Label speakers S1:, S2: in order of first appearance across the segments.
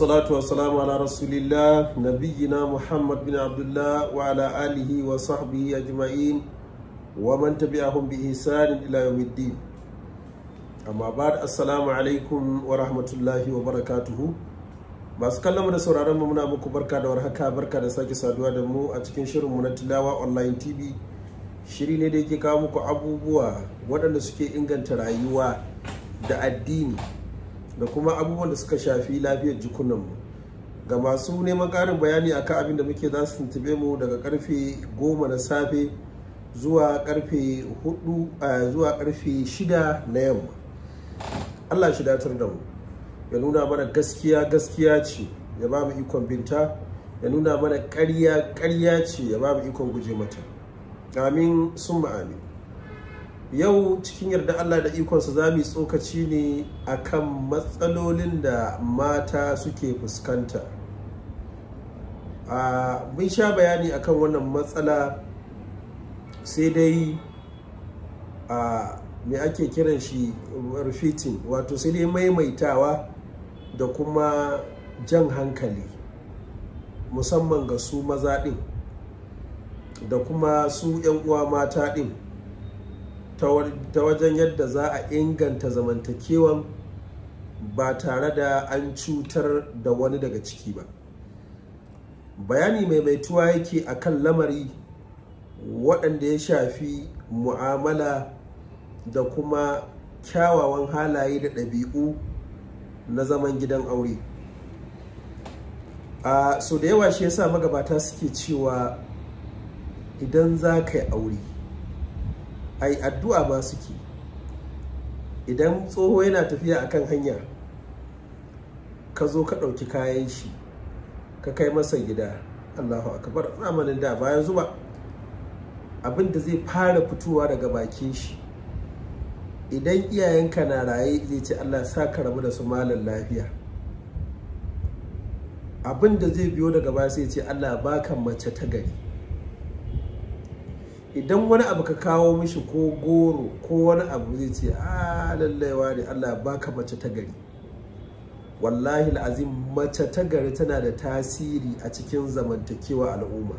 S1: wasalatu wasalamu ala rasulillah nabiyyina muhammad bin abdullah wa ala alihi wa sahbihi ajma'in wa man tabi'ahum bi ihsanin ila yawmiddin amma ba'd assalamu alaikum wa rahmatullahi wa barakatuhu masu kallon da sauraron muna muku barka da warhaka barka da sake saduwa da mu a cikin shirin mu na tilawa online tv shiri ne da yake kawo muku abubuwa waɗanda suke inganta rayuwa da addini da kuma abubuwan da suka shafi lafiyar jikunanmu ga masu neman ƙarin bayani akan abin da muke za su tuntube mu daga karfe goma na safe zuwa karfe hudu zuwa karfe shida na yamma allah shi datar da mu ya nuna mana gaskiya gaskiya ce ya ba mu ikon binta ya nuna mana ƙarya ƙarya ce ya ba mu ikon guje mata amin sun amin yau cikin yarda Allah da ikonsa za mu tsokaci ne akan matsalolin da mata suke fuskanta mun sha bayani akan wannan matsala sai dai a me ake kiran shi rufitin wato sai dai maimaitawa da kuma jan hankali musamman ga su maza ɗin da kuma su 'yan uwa mata ɗin ta wajen yadda za a inganta zamantakewan ba tare da an cutar da wani daga ciki ba bayani mai maimaituwa yake a kan lamari waɗanda ya shafi mu'amala da kuma kyawawan halaye da ɗabi'u na zaman gidan aure a so da yawa shi ya sa magabata suke cewa idan za ka yi aure ai addu'a ba suke idan tsoho yana tafiya akan hanya ka zo ka ɗauki kayan shi ka kai masa gida allahu akbar zamanin da bayan zuba abin zai fara fitowa daga bakin shi idan iyayenka na raye zai ce allah sa ka rabu da su malam lafiya abinda zai biyo daga baya sai ce allah baka mace ta gari idan wani abu ka kawo mishi ko goro ko wani abu zai ce a ah, lallai ne Allah baka mace ta gari wallahi azim mace ta gari tana da tasiri a cikin zamantakewa al'umma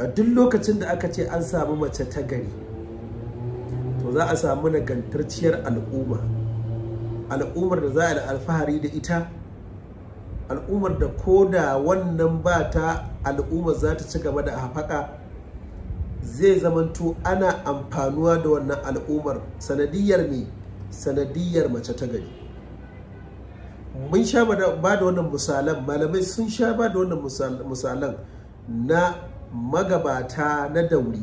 S1: a duk lokacin da aka ce an samu mace ta gari to za a samu nagantarciyar al'umma al'ummar da za a da alfahari da ita al'ummar da ko da wannan ba ta al'ummar za ta ci gaba da haɓaka zai zamanto ana amfanuwa da wannan al'ummar sanadiyar ne sanadiyar mace ta gari mun sha ba da wannan misalan malamai sun sha ba da wannan misalan na magabata na dauri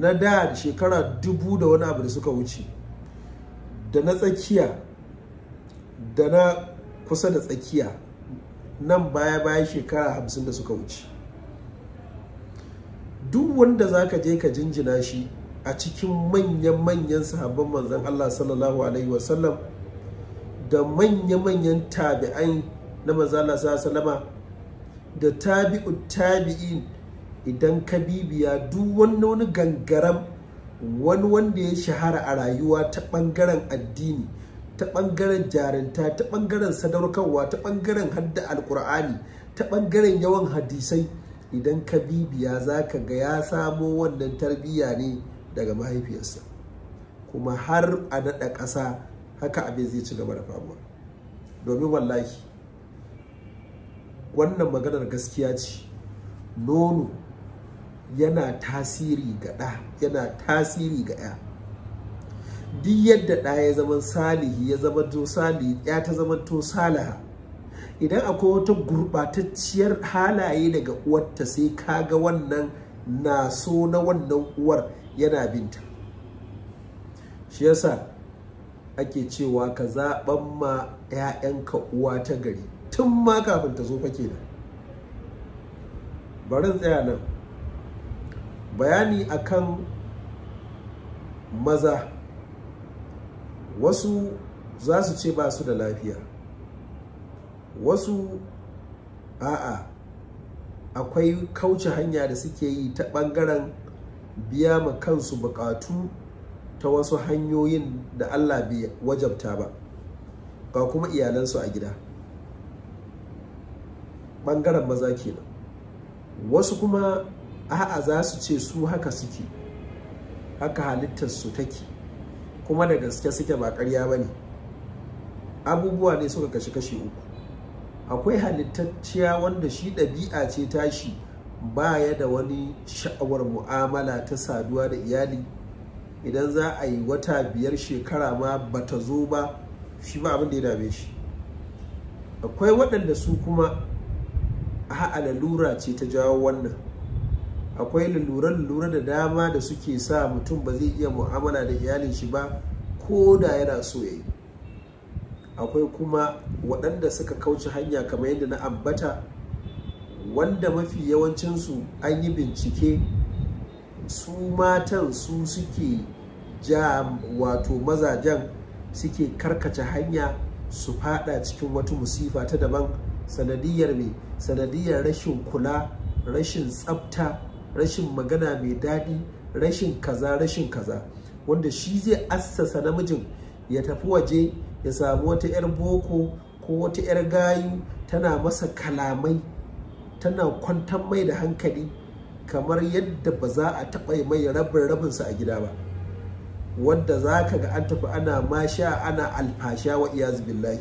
S1: na da shekara dubu da wani abu da suka wuce da na tsakiya da na kusa da tsakiya nan baya baya shekara hamsin da suka wuce duk wanda za ka je ka jinjina shi a cikin manya-manyan sahabban manzan Allah sallallahu alaihi wasallam da manya-manyan tabi'ai na maza Allah da tabi'u tabi'in idan ka bibiya duk wani wani gangaram wani wanda ya shahara a rayuwa ta ɓangaren addini ta ɓangaren jarinta ta ɓangaren sadarkarwa ta ɓangaren hadda alkur'ani ta ɓangaren yawan hadisai idan ka bibiya za ka ga ya samo wannan tarbiyya ne daga mahaifiyarsa kuma har a naɗa ƙasa haka abin zai ci gaba da faruwa domin wallahi wannan maganar gaskiya ce nono yana tasiri ga ɗa yana tasiri ga ya duk yadda ɗa ya zama salihi ya zama to salihi ya ta zama to salaha idan akwai wata gurɓatacciyar halaye daga uwarta sai kaga wannan na so na wannan uwar yana binta shi yasa ake cewa ka zaɓan ma 'ya'yanka uwa ta gari tun ma kafin ta zo fake da. Barin tsaya nan bayani akan maza wasu za su ce ba su da lafiya wasu a'a akwai kauce hanya da suke yi ta ɓangaren biya ma kansu bukatu ta wasu hanyoyin da Allah bai wajabta ba ga kuma iyalansu a gida ɓangaren maza ke kenan wasu kuma a'a za su ce su haka suke haka halittarsu take kuma da gaske suke ba karya ba ne abubuwa ne suka kashe kashe uku akwai halittacciya wanda shi ɗabi'a ce tashi baya da wani sha'awar mu'amala ta saduwa da iyali idan za a yi wata biyar shekara ma bata zo ba shi ba abin da ya dame shi akwai waɗanda su kuma a lalura ce ta jawo wannan akwai lalura-lalura da dama da suke sa mutum ba zai iya mu'amala da iyalin shi ba ko da yana so ya yi akwai kuma waɗanda suka kauce hanya kamar yadda na ambata wanda mafi yawancinsu an yi bincike su matan su suke ja wato mazajen suke karkace hanya su fada cikin wata musifa ta daban sanadiyar mai sanadiyar rashin kula rashin tsafta rashin magana mai daɗi rashin kaza rashin kaza wanda shi zai assasa namijin ya tafi waje ya samu wata 'yar boko ko wata 'yar gayu tana masa kalamai tana kwantar mai da hankali kamar yadda ba za a taɓa mai rabin rabinsa a gida ba wanda za ka ga an tafi ana masha ana alfasha wa iyazu billahi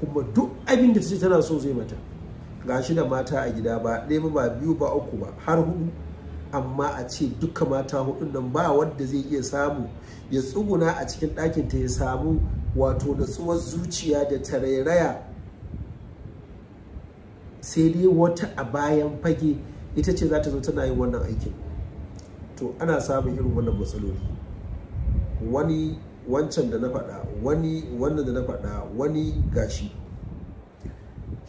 S1: kuma duk abin da tana so zai mata gashi da mata a gida ba ɗaya ba biyu ba uku ba har hudu amma a ce duka mata hudun nan ba wanda zai iya samu ya tsuguna a cikin ɗakin ta ya samu wato natsuwar zuciya da tarairaya sai dai wata a bayan fage ita ce za ta zo tana yin wannan aikin to ana samun irin wannan matsaloli wani wancan da na faɗa wani wannan da na faɗa wani gashi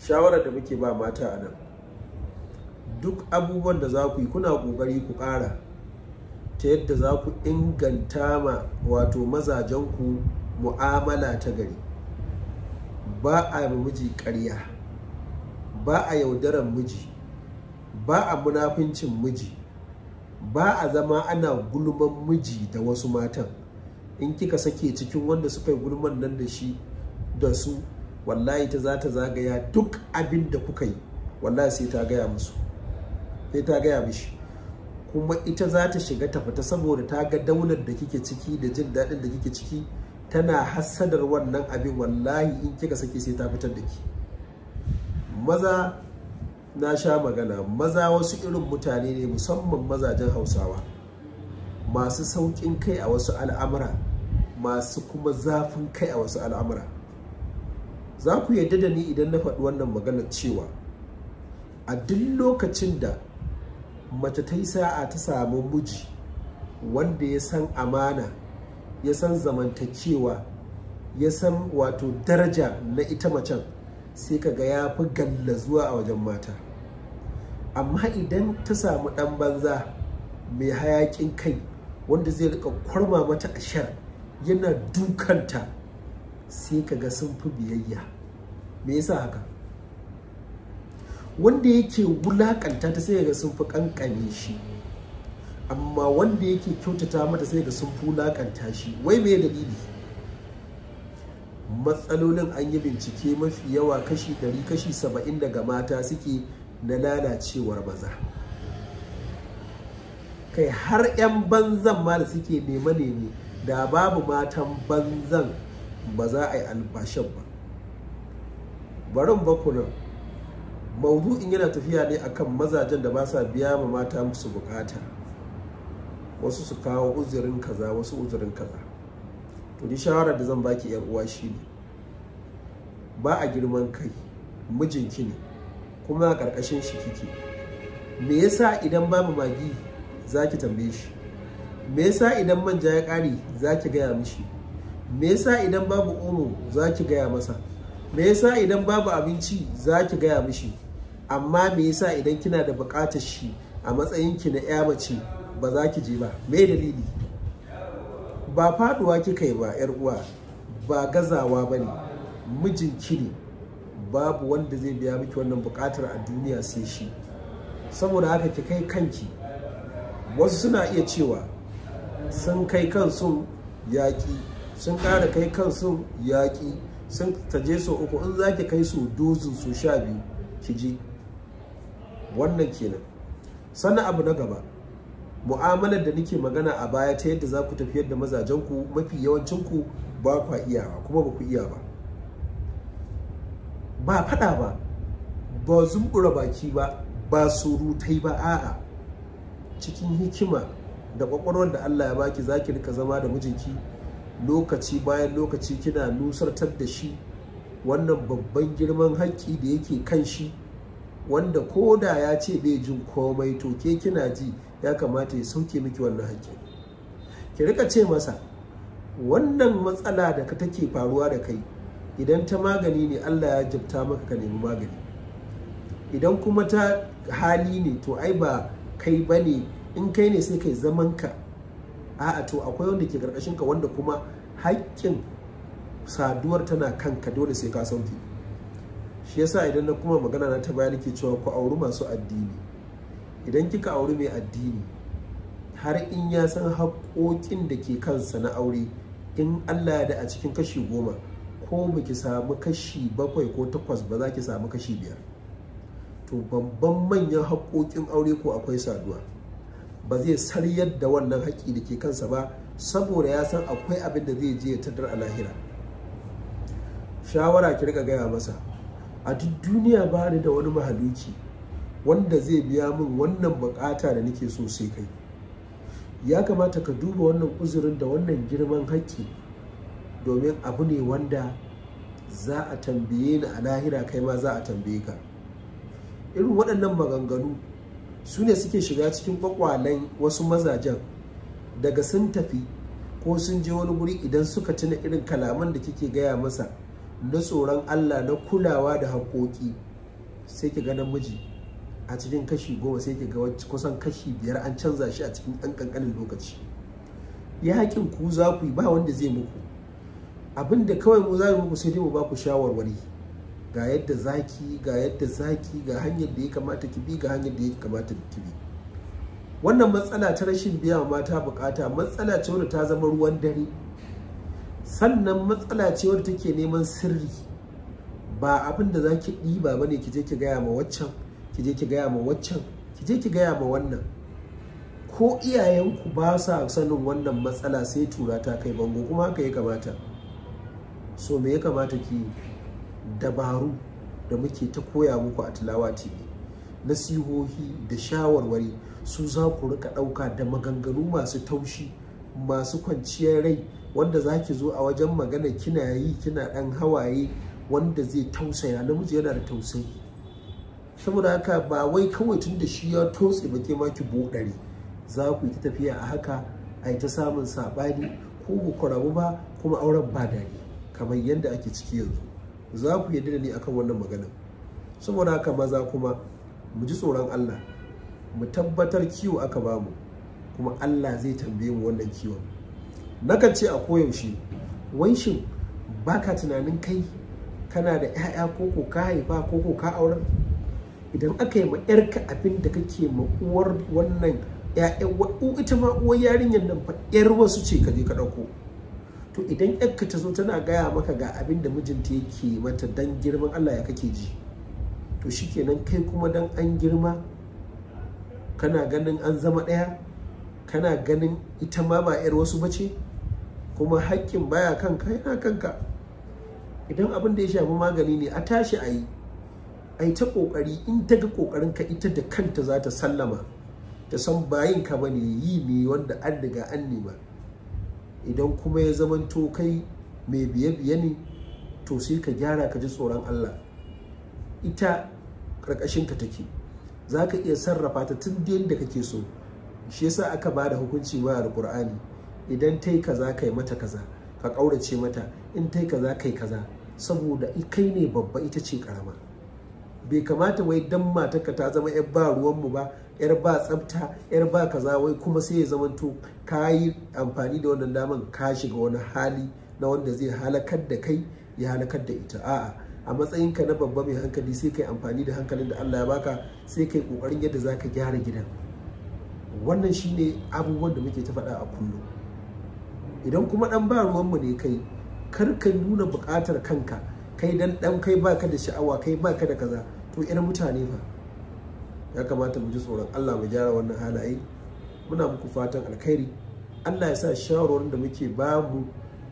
S1: shawarar da muke ba mata a nan duk abubuwan da za ku yi kuna ƙoƙari ku ƙara ta yadda za ku inganta ma wato mazajenku mu'amala ta gari ba a miji ƙarya ba a yaudaran miji ba a munafincin miji ba a zama ana gulman miji da wasu matan in kika sake cikin wanda suka yi gulman nan da shi da su wallahi ta za ta zagaya duk abin da kuka yi wallahi sai ta gaya musu sai ta gaya mishi kuma ita za ta shiga ta fita saboda ta ga daular da kike ciki da jin daɗin da kike ciki tana hassadar wannan abin wallahi in kika saki sai ta fitar da ki maza na sha magana maza wasu irin mutane ne musamman mazajen hausawa masu sauƙin kai a wasu al'amura masu kuma zafin kai a wasu al'amura za ku yarda da ni idan na faɗi wannan maganar cewa a duk lokacin da mace ta yi sa'a ta samu miji wanda ya san amana ya san zamantakewa ya san wato daraja na ita macen sai kaga ya fi galla zuwa a wajen mata amma idan ta samu ɗan banza mai hayakin kai wanda zai rika kwarma mata a yana dukanta sai kaga sun fi biyayya me yasa haka wanda yake wulakanta ta sai ga sun fi kankane shi amma wanda yake kyautata mata sai ga sun fi wulakanta shi wai me dalili matsalolin an yi bincike mafi yawa kashi 100 kashi 70 daga mata suke na lalacewar baza. kai har 'yan banzan ma da suke nema neme da babu matan banzan ba za a yi albashin ba barin bakunan in yana tafiya ne akan mazajen da ba sa biya ma mata musu bukata wasu su kawo uzurin kaza wasu uzurin kaza to ni shawara da zan baki yan uwa shine ba a girman kai mijinki ne kuma a ƙarƙashin shi kike me yasa idan babu magi zaki tambaye shi me yasa idan manja ya za zaki gaya mishi me yasa idan babu omo zaki gaya masa me yasa idan babu abinci zaki gaya mishi amma me yasa idan kina da buƙatar shi a matsayin ki na ƴa mace ba za ki je ba me dalili ba faduwa kika yi ba yar uwa ba gazawa ba ne mijinki ne babu wanda zai biya miki wannan buƙatar a duniya sai shi saboda haka ki kai kanki wasu suna iya cewa sun kai kansu yaƙi sun ƙara kai kansu yaƙi sun taje su uku in za ki kai su dozin su sha biyu ki je. wannan kenan sannan abu na gaba mu'amalar da nake magana a baya ta yadda za ku tafiyar da mazajenku mafi yawancinku ba kwa iyawa kuma ba ku iya ba ba faɗa ba ba zumbura baki ba ba surutai ba a'a cikin hikima da ƙwaƙwarwar da Allah ya baki za ki rika zama da mijinki lokaci bayan lokaci kina nusartar da shi wannan babban girman haƙƙi da yake kan shi wanda ko da ya ce bai jin komai to ke kina ji ya kamata ya sauke miki wannan hakki ki rika ce masa wannan matsala da ka take faruwa da kai idan ta magani ne Allah ya jibta maka ka nemi magani idan kuma ta hali ne to ai ba kai bane in kai ne sai kai zaman ka a'a to akwai wanda ke karkashin ka wanda kuma haƙƙin saduwar tana kanka dole sai ka sauke shi yasa idan na kuma magana na ta baya ke cewa ku auri masu addini idan kika auri mai addini har in ya san haƙoƙin da ke kansa na aure in Allah da a cikin kashi goma ko ba ki samu kashi bakwai ko takwas ba za ki samu kashi biyar to babban manyan haƙoƙin aure ko akwai saduwa ba zai saryar da wannan haƙƙi da ke kansa ba saboda ya san akwai abin da zai je ya tattar a lahira shawara ki riƙa gaya masa a duk duniya ba ni da wani mahaluki wanda zai biya min wannan bukata da nake so sai kai ya kamata ka duba wannan uzurin da wannan girman haƙƙi domin abu ne wanda za a tambaye ni a lahira kai ma za a tambaye ka irin waɗannan maganganu su ne suke shiga cikin ƙwaƙwalen wasu mazajen daga sun tafi ko sun je wani guri idan suka tuna irin kalaman da kike gaya masa na tsoron Allah na kulawa da haƙoƙi sai ki ga namiji a cikin kashi goma sai ki ga kusan kashi biyar an canza shi a cikin ɗan ƙanƙanin lokaci ya haƙin ku za ku yi ba wanda zai muku Abinda kawai mu za mu muku sai dai mu ba ku shawarwari ga yadda zaki ga yadda zaki ga hanyar da ya kamata ki bi ga hanyar da ya kamata ki bi wannan matsala ta rashin biya mata bukata matsala ce wadda ta zama ruwan dare sannan matsala ce wadda take neman sirri ba abin da za ki ɗiba ba ne ki je ki gaya ma waccan ki je ki gaya ma waccan ki je ki gaya ma wannan ko iyayenku ba sa sanin wannan matsala sai tura ta kai bango kuma haka ya kamata so me ya kamata ki dabaru da muke ta koya muku a tilawa tv nasihohi da shawarwari su za ku rika ɗauka da maganganu masu taushi masu kwanciyar rai wanda za ki zo a wajen magana kina yi kina ɗan hawaye wanda zai tausaya namiji yana da tausayi saboda haka ba wai kawai tun da shi ya totse ba ke ma ki za ku yi ta tafiya a haka a yi ta samun saɓani ko ku kwarabu ba kuma auren ba daɗi kamar yadda ake ciki yanzu za ku yarda da ni akan wannan magana saboda haka maza kuma mu ji tsoron Allah mu tabbatar kiwo aka bamu kuma Allah zai tambaye mu wannan kiwon nakan ce a koyaushe wanshin baka tunanin kai kana da 'ya'ya ko ka haifa ko ka auren idan aka yi ma 'yarka abin da kake ma uwar wannan ita ma uwar yarinyar nan fa 'yar wasu ce ka je ka ɗauko to idan 'yarka ta zo tana gaya maka ga abin da mijinta yake mata dan girman Allah ya kake ji to shikenan kai kuma dan an girma kana ganin an zama ɗaya kana ganin ita ma ba 'yar wasu ba ce kuma haƙƙin baya kanka yana kanka idan abin da ya shafi magani ne a tashi a yi a yi ta ƙoƙari in ta ga ƙoƙarin ka ita da kanta za ta sallama ta san bayin ka bane yi ne wanda an riga an nema idan kuma ya zamanto kai mai biye-biye ne to sai ka gyara ka ji tsoron Allah ita ƙarƙashinka take za ka iya sarrafa ta tun da kake so shi yasa aka ba da hukunci ba alkur'ani idan ta yi kaza kai mata kaza ka ƙaurace mata in ta yi kaza kai kaza saboda kai ne babba ita ce karama bai kamata wai dan matarka ta zama yar ba ruwanmu ba yar ba tsafta yar ba kaza wai kuma sai ya zamanto ka yi amfani da wannan daman ka shiga wani hali na wanda zai halakar da kai ya halakar da ita a'a a matsayinka na babba mai hankali sai ka kai amfani da hankalin da Allah ya baka sai kai ƙoƙarin yadda za ka gyara gidan wannan shi ne abubuwan da muke ta faɗa a kullum idan kuma ɗan ba ruwanmu ne kai kar ka nuna buƙatar kanka kai dan ɗan kai baka da sha'awa kai baka da kaza to ina mutane fa ya kamata mu ji tsoron Allah mu gyara wannan halaye muna muku fatan alkhairi Allah ya sa shawarwarin da muke ba mu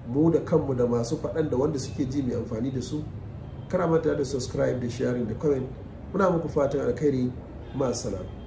S1: mu da kanmu da masu faɗan da wanda suke ji mai amfani da su a mata da subscribe da sharing da comment muna muku fatan alkhairi ma salama.